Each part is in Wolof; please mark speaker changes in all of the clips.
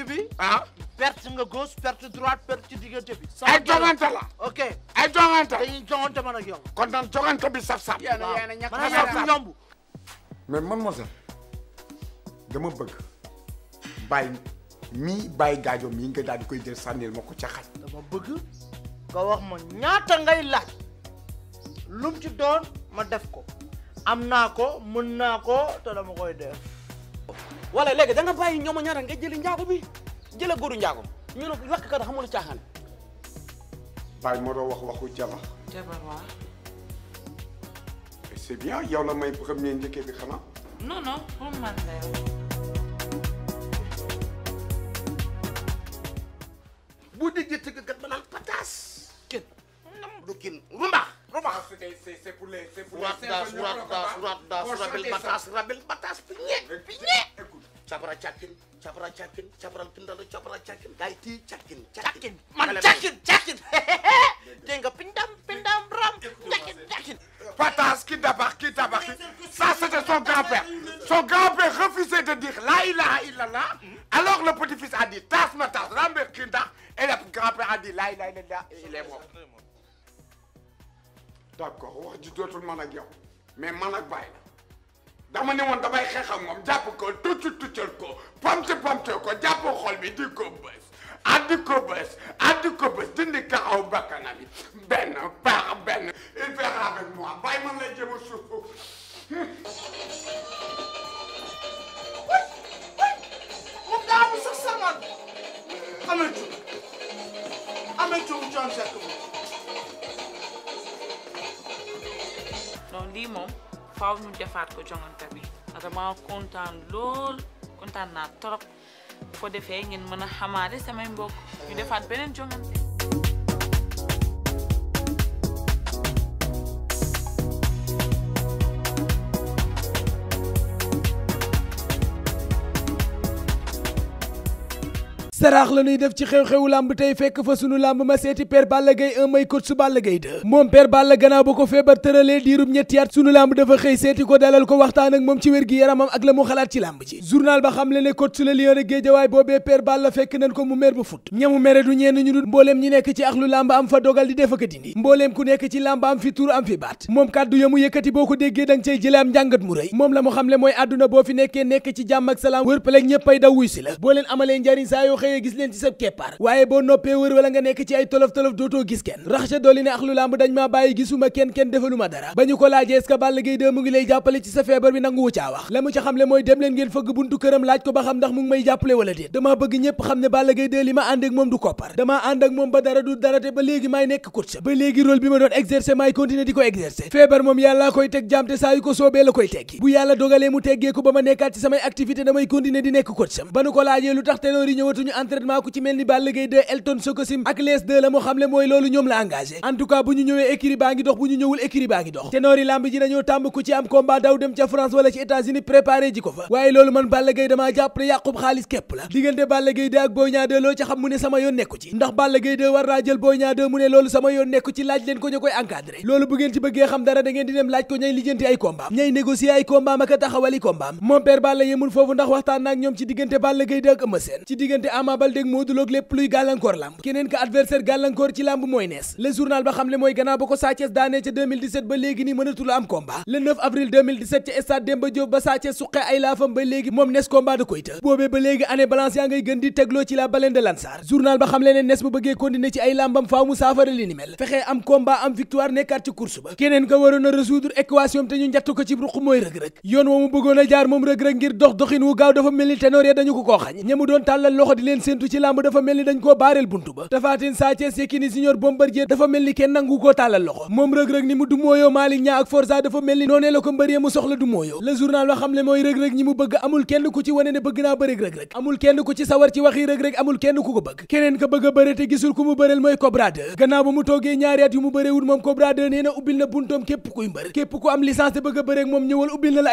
Speaker 1: ci bi. ah perte nga gauche perte droite perte ci diggante bi. ay jongante la. ok ay jongante. dañuy jongante man ak yow. kon nag jongante bi saf-saf. a ñàkk a yomb yomb. mais mademoiselle dama bëgg bàyyi mii bàyyi di koy jël sànnil ma ko ca xaj. dama bëgg nga wax ma ñaata ngay laaj lum ci doon ma def ko am naa ko mën naa ko te dama koy def. wala léegi da nga bàyyi ñoom a ñaar nga jëli njaago bi jëla góoru njaago ñu ne lakkat xamul caaxaan bàyyi moo doon wax waxu jabar jabar waaw c'est bien yow la may premier njëkkee ba naan pataas. kenn du kin rumbax. rumbax ah, c'est pour les c'est pour piñe piñe capara càkkin capara càkkin capara pindalo capara càkkin gaay tii càkkin càkkin man càkkin càkkin dégg nga pindam pindam ram càkkin càkkin patas qui débarque qui débarque ça c'était son grand-père son grand-père refusait de dire la ilaha illallah alors le petit-fils a dit tas ma tas rambe ki ndax et le grand-père a dit la ilaha illallah et il est mort d'accord wax ji dootul man ak yow mais man ak bàyyi la dama ne woon damay xeex ak moom jàpp ko tuccu tuccal ko pamte pamte ko jàpp xol bi di ko bës addi ko bës addi ko bës dindi kaxaw bakkana bi benn baax benn il fait avec moi bàyyi man lay jëm a suuf moom daa am sax saman amee cu amee cu John Seck moom non lii moom faaw ñu defaat ko jongante bi vraiment kontaan lool kontaan naa trop foo defee ngeen mën a xamaale samay mbokk ñu defaat beneen jongante
Speaker 2: saraax la ñuy def ci xew-xewu lamb tey fekk fa sunu lamb ma seeti per Balla Gaye 1 may coach su Balla Gaye 2 moom père Balla gannaaw ba ko feebar tëralee diirub ñetti at sunu lamb dafa xëy seeti ko dalal ko waxtaan ak moom ci wér gi yaramam ak la mu xalaat ci lamb ji journal ba xam le ne coach su la Lion de Guédiawaye boobee père Balla fekk nañ ko mu mer ba fut ñamu mere du ñenn ñu dul mbooleem ñi nekk ci axlu lamb am fa dogal di def ak dindi mbooleem ku nekk ci lamb am fi tur am fi baat boo ko déggee danga cay jële am njàngat mu rëy moom la mu boo fi nekkee nekk ci jàmm ak salaam wër pëleg ñëpp ay daw wuy xëyee gis leen ci sa keppaar waaye boo noppee wër wala nga nekk ci ay tolof-tolof dootoo gis kenn rax dolli ne ax lu lamb dañ bàyyi gisuma kenn kenn defalu dara ba ñu ko laajee est-ce que mu ngi lay jàppale ci sa feebar bi nanguwu caa wax la mu ca xamle mooy dem ngeen fëgg buntu këram laaj ko ba xam ndax mu may jàppale wala déet dama bëgg ñépp xam ne Balla Gaye li ma ànd ak moom du koppar dama ànd ak moom ba dara du dara te ba léegi maay nekk ko exercer ba ma entraînement ku ci mel ni Balla Gaye 2 Elton Sococim ak les deux la mu xamle mooy loolu ñoom la engagé en bu ñu ñëwee écurie baa ngi dox bu ñu ñëwul écurie baa ngi dox ténor yi lamb ji dañoo tàmb ku ci am combat daw dem ca France wala ci États-Unis préparé ji ko fa waaye loolu man Balla Gaye damaa jàpp ne yàqub xaalis képp la diggante Balla Gaye 2 ak Boy Niang 2 loo ca xam mu ne sama yoon nekku ci ndax Balla Gaye 2 war naa jël Boy Niang 2 mu ne loolu ndax waxtaan naak ñoom ci diggante Balla Ama Baldé ak luy gàllankoor làmb keneen ka adversaire gàllankoor ci làmb mooy nees le journal ba xamle mooy gannaaw ba ko Sa daanee ca ba léegi nii mënatul am combat le avril ca stade Demba ba Sa suqee ay laafam ba léegi moom nees combat da koy të boobee ba léegi année balance yaa ngay gën di tegloo ci la baleine Lansar journal ba xamle ne nees bu bëggee continuer ci ay làmbam faaw mu saafara li ni mel fexee am combat am victoire nekkaat wa doon séentu ci làmb dafa mel ni dañ koo baareel buntu ba tafaatin Sa Thiès Yékini Senior Bombardier dafa mel ni kenn nangu koo tàllal loxo moom rëg-rëg ni mu du mooyoo Malick Niang ak Forza dafa mel ni noonee la ko mbër mu soxla du mooyoo le journal wa xam le mooy rëg-rëg ñi mu bëgg amul kenn ku ci wane ne bëgg naa bëreeg rëg-rëg amul kenn ku ci sawar ci waxi rëg-rëg amul kenn ku ko bëgg keneen ka bëgg a bëre te gisul ku mu bëreel mooy Cobra 2 gannaaw ba mu toogee ñaari a bëreeg moom ñëwal ubbil na la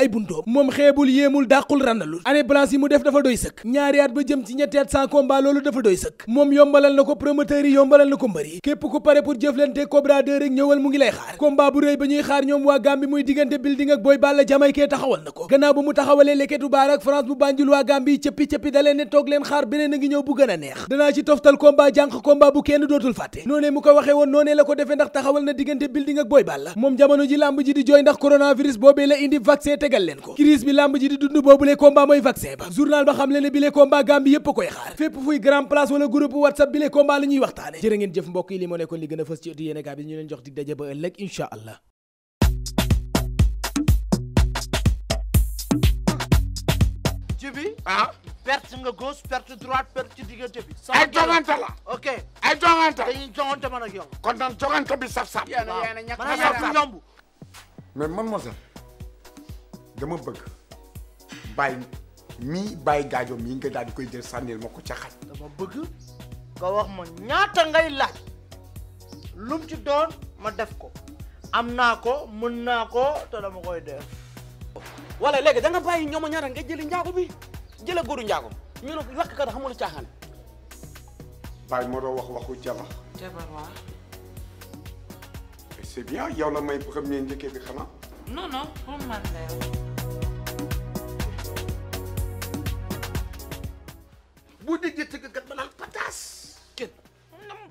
Speaker 2: ay dafa doy sëkk ñaari at ba jëm ci ñetti at sans combat loolu dafa moom yombalal na ko promoteur yi yombalal na ko mbër yi képp ku pare pour jëflante Cobra 2 rek ñëwal mu ngi lay xaar combat bu rëy ba ñuy xaar ñoom waa Gambie muy diggante building ak Boy Balla jamaykee ji làmb ji di jooy ndax coronavirus boobee la indi vaccin tegal leen ko crise bi làmb ji di dund boobu le combat mooy vaccin ba journal ba xam le bi le combat Gambie yépp koy xaar fépp fuy grand place wala groupe whatsapp bi le combat la ñuy a fës bi ñu leen jox dig daje ba ëllëg incha allah
Speaker 1: bi ah perte nga gauche perte droite perte ci diggante bi. ay jongante ok ay jongante. dañuy jongante bi saf saf. waaw man ak yomb. mais man ma sax dama bëgg bàyyi. mii bàyyi gaajo mii nga daal di koy jël sànnil ma ko ca xaj dama bëgg nga wax ma ñaata ngay laaj lum ci doon ma def ko am naa ko mën naa ko te dama koy def wala léegi danga nga bàyyi ñoom a ñaata nga jëli njaago bi jëla góoru njaago ñu ne wax kat xamul caaxaan bàyyi ma doo wax waxu jabar jabar waaw c'est bien yow la may xam ne njëkkee bi xanaa non non man la boo déggee tëggkat ba naan pataas. kenn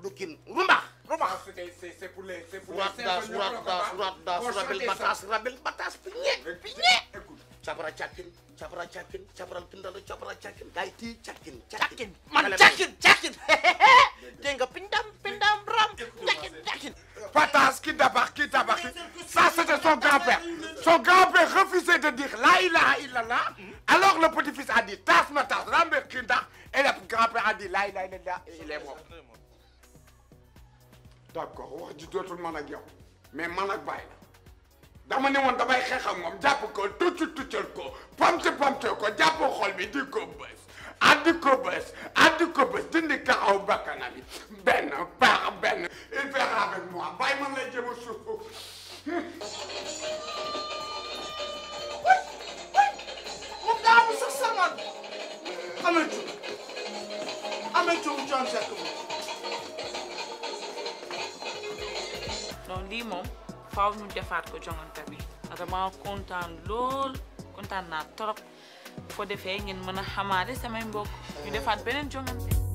Speaker 1: du kin rumba. rumba ah, c'est pour les c'est pour les. rabel bataas piñe piñe. cabara càkkin cabara càkkin cabara pindala cabara càkkin. gaay tii càkkin càkkin man càkkin. Et le grand-père a dit laa ilaaha illallaah il est mort. d'accord wax ji dootul man ak yow mais man ak bàyyi dama ne woon damay xeex ak moom jàpp ko tuccu tuccal ko pamte pamte ko jàpp xol bi di ko bës addi ko bës addi ko bës dindi kaxaw bakkana bi benn baax benn il fait avec moi bàyyi man lay jëm a suuf moom daa am sax sama xamante ametum coon sekk moom lii moom faw ñu defaat ko jongante bi dama kontaan lool kontaan naa trop bu ko defee ngeen mën a xamaale samay mbokk ñu defaat beneen jongante